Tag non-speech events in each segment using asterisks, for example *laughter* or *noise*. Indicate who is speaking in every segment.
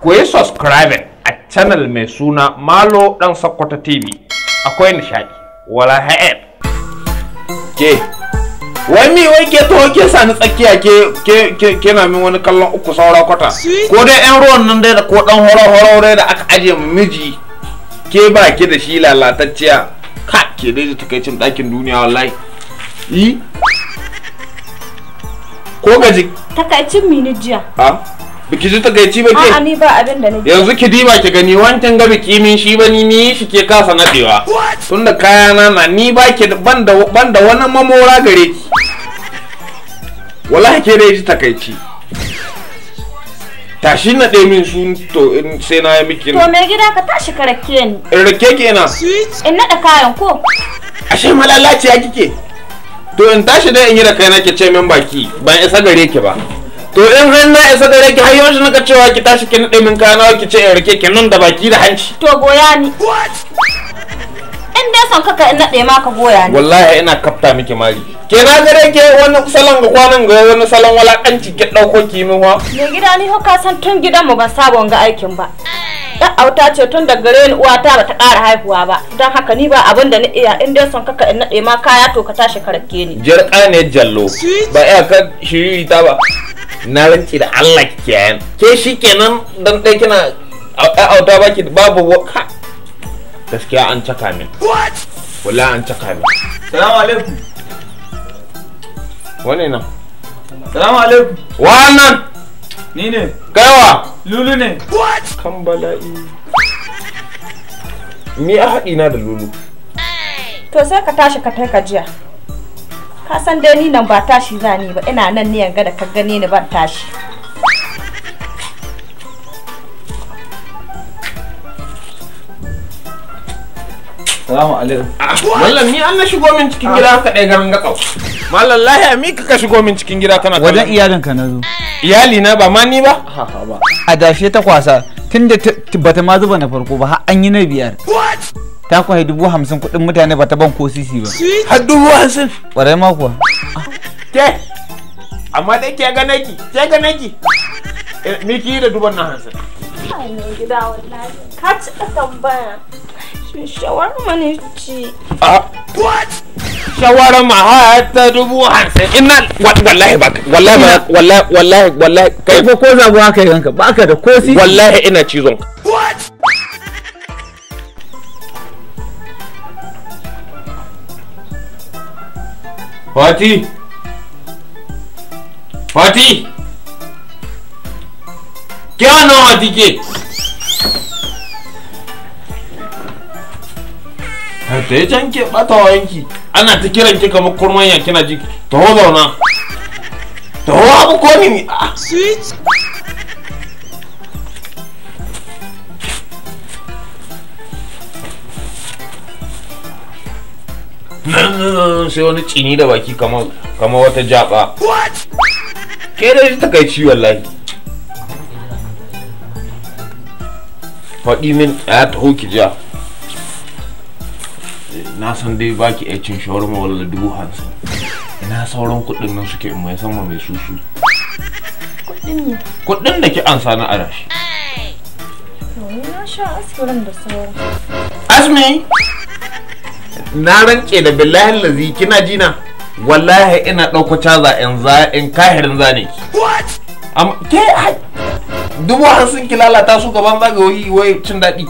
Speaker 1: ku yi subscribe a channel mai suna malo dan sakkwata tv akwai nishadi wala ha'ed ke wai mi wai ke taho ke sani tsakiya ke ke ke na min wani kallon uku saura kwata ko dai yan ruwan nan dai da ko dan horo horo dai da aka aje miji ke ba ke da shi lalatacciya ka ke dai ta da cin dakin duniya wallahi yi ko gaji
Speaker 2: takaicin mini jiya
Speaker 1: biki ji takaici ba ke
Speaker 2: ni ba abin da nake
Speaker 1: yanzu ki diba ki gani wancan ga biki min shi ba ni ni shi ke kasa nadewa tunda kaya na na ni ba ki ban da wani mamora gare ki wallahi ke dai ji takaici tashi na ɗaya min sun to in sai na yi miki to me
Speaker 2: gida ka tashi ka rake ni
Speaker 1: in rake ki ina
Speaker 2: in naɗa kayan ko
Speaker 1: ashe malalaciya kike to in tashi dai in yi da kai na ke ce min baki ban isa gare ki ba to in har na isa gare ki hayo shi naka cewa ki tashi ki nade min kana ki ce in rike ki nan da baki da hanci
Speaker 2: to goya ni in dai son kaka in nade ma ka goya ni wallahi
Speaker 1: ina kafta miki mari ke na gare ke wani salon ga kwanan ga wani salon walakanci ki dauko ki min wa
Speaker 2: me gida ni haka san tun gidan mu ban sabon ga aikin ba dan auta ce tun da gare ni uwa ba ta ƙara haihuwa ba don haka ni ba abin da iya in dai son kaka in nade ma kaya to ka tashi ka rake ni
Speaker 1: jirka ne jallo ba iya ka shiri ta ba na rance da Allah kiyayen ke shi kenan dan dai kina auta baki babu waka gaskiya an caka min wala an caka min salamu alaikum wani nan salamu alaikum wannan ni ne kaiwa lulu ne kan bala'i me a haɗi na da lulu
Speaker 2: to sai ka tashi ka kai ka jiya ka san dai ni nan ba tashi za ni ba ina nan ne yanga da ka gane ni ban tashi
Speaker 1: Salamu alaikum. Wallan ah, ni an na shigo min cikin gida ka ɗaya garin gatsau. Mallan lahiya mi ka shigo min cikin gida kana Wajen iyalinka na zo. Iyali na ba ma ni ba? Ha ha ba. A dashe ta kwasa tunda bata ma zuba na farko ba har an yi na biyar. What? ta kwaye dubu hamsin kuɗin mutane ba ta ban ko sisi ba har dubu hamsin ƙwarai ma kuwa ke amma dai ke ga naki ke ga naki eh, miki da duban na hamsin
Speaker 2: gida wallahi ka ci ka tambaya
Speaker 1: shawarma
Speaker 2: ne ci
Speaker 1: a ah, what shawarma ha ta dubu hamsin ina wallahi ba wallahi wallahi wallahi wallahi kai ko ko zago haka yanka ba ka da kosi wallahi ina cizon ka Fatih! Fatih! क्या नाम आती के ta yi can ke bata wa ana ta kiran ki kamar kurmanya kina ji taho zauna taho abu ko ah. Switch! *laughs* sai wani cini da baki kamar wata jaba ke da ta kai ci wallahi faɗi min ya taho ki ja na san dai baki ya cin shawarma wala dubu hamsin ina sauran kuɗin nan suke mai sama mai susu kuɗin da ki ansa na arashi asmi na rance da billahi lazi kina jina wallahi ina ɗauko caza in za in kahirin zane ki amma ke dubu hamsin ki lalata su gaban zagayoyi wai cin daɗi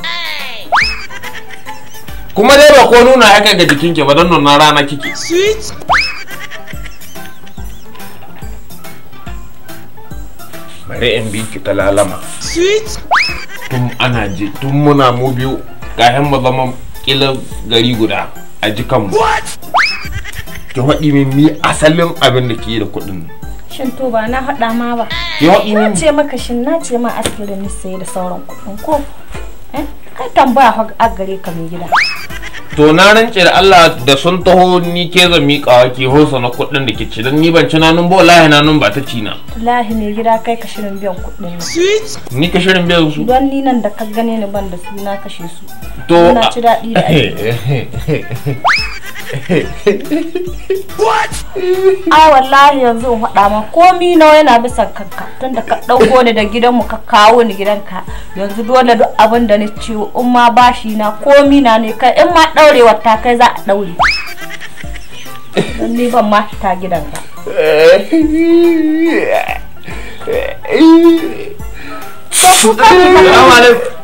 Speaker 1: *laughs* kuma dai ba ko nuna haka ga jikin ki ba don nuna rana kike bari in bi ki ta lalama tun ana ji tun muna mu biyu kayan mu zama kila gari guda a jikan mu ki haɗi min mi asalin abin da ke da kuɗin
Speaker 2: shin to ba na haɗa ma ba
Speaker 1: ki haɗi min ce
Speaker 2: maka shin na ce ma asali da ni saye da sauran kuɗin ko eh kai tambaya fa a gare ka mai gida
Speaker 1: to na rance da Allah da sun taho ni ke zan miƙa ke hosa na kuɗin da ke ci don ni ban ci nanun ba wallahi nanun ba ta ci na.
Speaker 2: Wallahi mai gida kai ka shirin biyan kuɗin
Speaker 1: Ni ka shirin biyan su? Don
Speaker 2: ni nan da ka gane ni ban da su na kashe su. to na ci daɗi da What? Ai ah, wallahi yanzu in faɗa ma komi nawa yana bisa kanka tunda ka ɗauko ni da gidanmu ka kawo ni gidanka yanzu dole duk abin da ni ciwo in ma bashi na komi na ne kai in ma ɗaurewar ta kai za a ɗaure. Don ni ban ma ta gidan ba.
Speaker 1: Assalamu alaikum.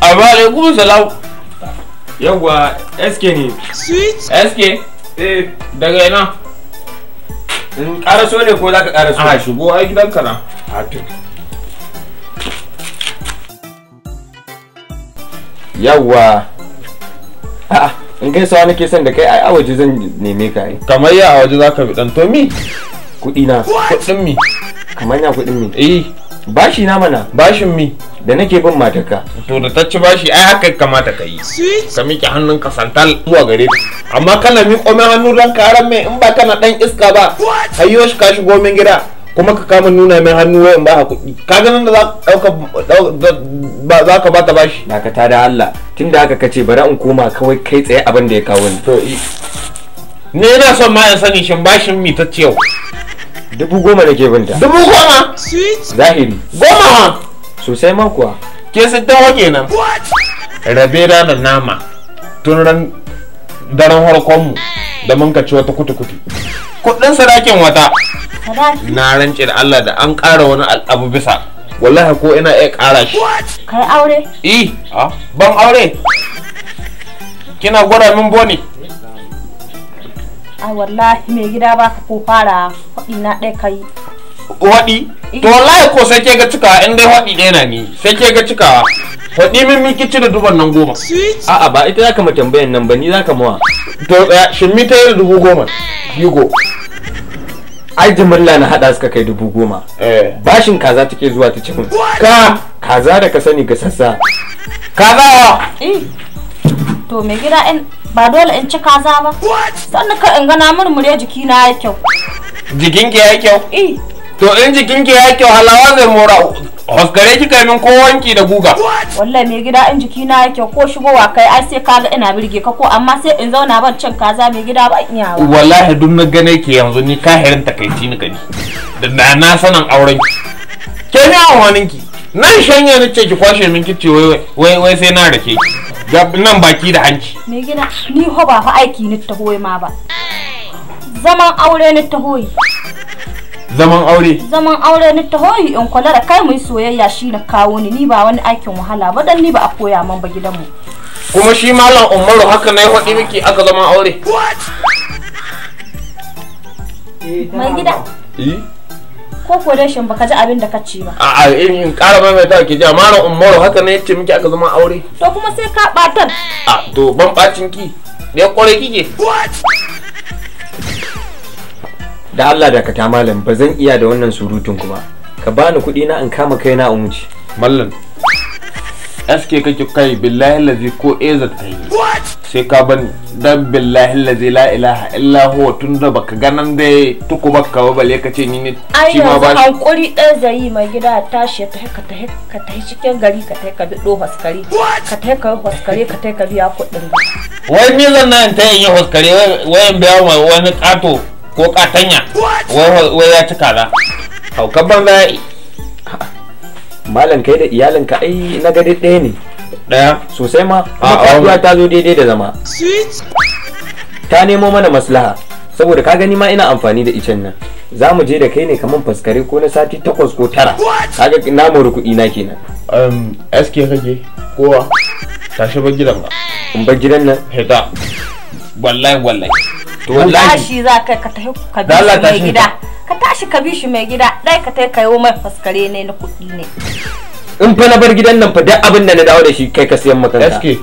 Speaker 1: alaikum salau yawwa sk ne sk eh daga yana in karaso ne ko za ka karaso a shigo ai gidan kana ah, yawwa a'a in kai sawa nake son da kai ai a waje zan neme ka ai kamar ya a waje za ka bi dan to mi kudi na kudin mi kamar ya kudin mi eh bashi na mana bashin mi da nake bin mataka. to da ta ci bashi ai haka kamata ka yi ka miƙe hannun ka santal zuwa gare ta amma kana mi komai hannu ran karan mai in ba kana dan iska ba hayyo shi ka shigo min gida kuma ka kama nuna min hannu wayan ba kuɗi ka ganin da za ka ɗauka za ka bata bashi dakata da Allah tunda haka kace bari in koma kawai kai tsaye abin da ya kawo ni to ne yana son ma in sani shin bashin mi ta ciyau dubu goma da ke binta dubu goma zahiri goma sosai ma kuwa ke sun taho nan rabe da nama tun ran daren harkon mu da mun ka ci wata kutu-kutu kudin sadakin wata na rance da Allah da an ƙara wani abu bisa wallahi ko ina iya ƙara shi kai aure eh ban aure kina gwada min boni
Speaker 2: a wallahi mai gida ba ka ko fara kuɗi na ɗaya kai
Speaker 1: waɗi to wallahi ko sai ke ga cikawa in dai hodi dai na ni sai ke ga cikawa hodi min kici da duban nan goma a'a ba ita zaka mu tambayan nan ba ni zaka mawa to ya eh, shimmi ta dubu goma yigo ai jimilla na hada suka kai dubu goma eh. bashin kaza take zuwa ta cikin. ka kaza da ka sani ga sassa kaza
Speaker 2: eh, to me gida in ba dole in ci kaza ba sannan ka in gana murmure jiki na ya kyau
Speaker 1: jikin ki ya kyau to in jikin ki ya ke halawa zai mora hoskare kika min ko wanki da guga
Speaker 2: wallahi mai gida in jiki na yake ko shigowa kai ai sai kaga ina birge ka ko amma sai in zauna ban cin kaza mai gida ba in yawa wallahi
Speaker 1: duk na gane ki yanzu ni ka kahirin takaici ni kadi da na sanin auren ki ke ni amfanin ki nan shanye ni ce ki kwashe min ki ce wai wai sai na rake ki nan baki da hanci
Speaker 2: mai gida ni ho ba fa aiki ni ta ma ba zaman aure ni tahoyi
Speaker 1: zaman aure
Speaker 2: zaman aure ni ta hoyi in kula da kai mai soyayya shi na kawo ni ni ba wani aikin wahala ba dan ni ba a koya man ba gidanmu
Speaker 1: kuma shi malam umaru haka na yi faɗi miki aka zaman aure
Speaker 2: eh, mai gida eh? ko ko dai shin baka ji abin da ka ci
Speaker 1: ba a'a in ƙara mai ta ke ji malam umaru haka ne yace miki aka zaman aure
Speaker 2: to kuma sai ka
Speaker 1: batar a to ban bacin ki ne kwarai kike what da Allah da ka ta malam ba zan iya da wannan surutun kuma ka bani kuɗi na in kama kaina in wuce mallan SK kake kai billahi lazi ko ezat kai sai ka bani dan billahi lazi la ilaha illa huwa tunda baka ganan da tuku baka ba bale ka ce ni ne shi ma ba
Speaker 2: hankuri dan zayi mai gida she ta haka ta haka ta cikin gari ka ta ka bido haskare ka ta ka haskare ka ta ka biya kudin
Speaker 1: wai me zan nan ta yin haskare wai in biya wani kato ko katanya wai ya ci kaza haukan banza ya yi malam kai da iyalinka ai na gadi ɗaya ne ɗaya sosai ma kuma kasuwa ta zo daidai da zama ta nemo mana maslaha saboda ka gani ma ina amfani da icen nan za mu je da kai ne kamar faskare ko na sati takwas ko tara kaga na mori kuɗi na kenan um sk kake kowa tashi bar gidan ba in bar gidan nan heta wallahi wallahi to wallahi tashi za
Speaker 2: kai ka tafi ka bi shi mai gida ka tashi ka bi shi mai gida dai ka tai kayo mai faskare ne na kuɗi ne
Speaker 1: in fa na bar gidan nan fa duk abin da na dawo da shi kai ka siyan maka eske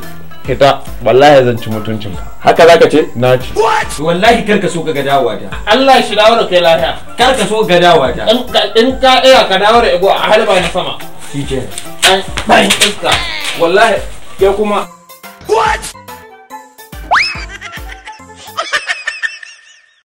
Speaker 1: kita wallahi zan ci mutuncin ka haka za ka ce na ci wallahi kar ka so ka gada gadawa ta Allah shi dawo da kai lafiya kar ka so ka gada gadawa ta in ka iya ka dawo da ego a halba na sama shi ke bayan iska wallahi ke kuma what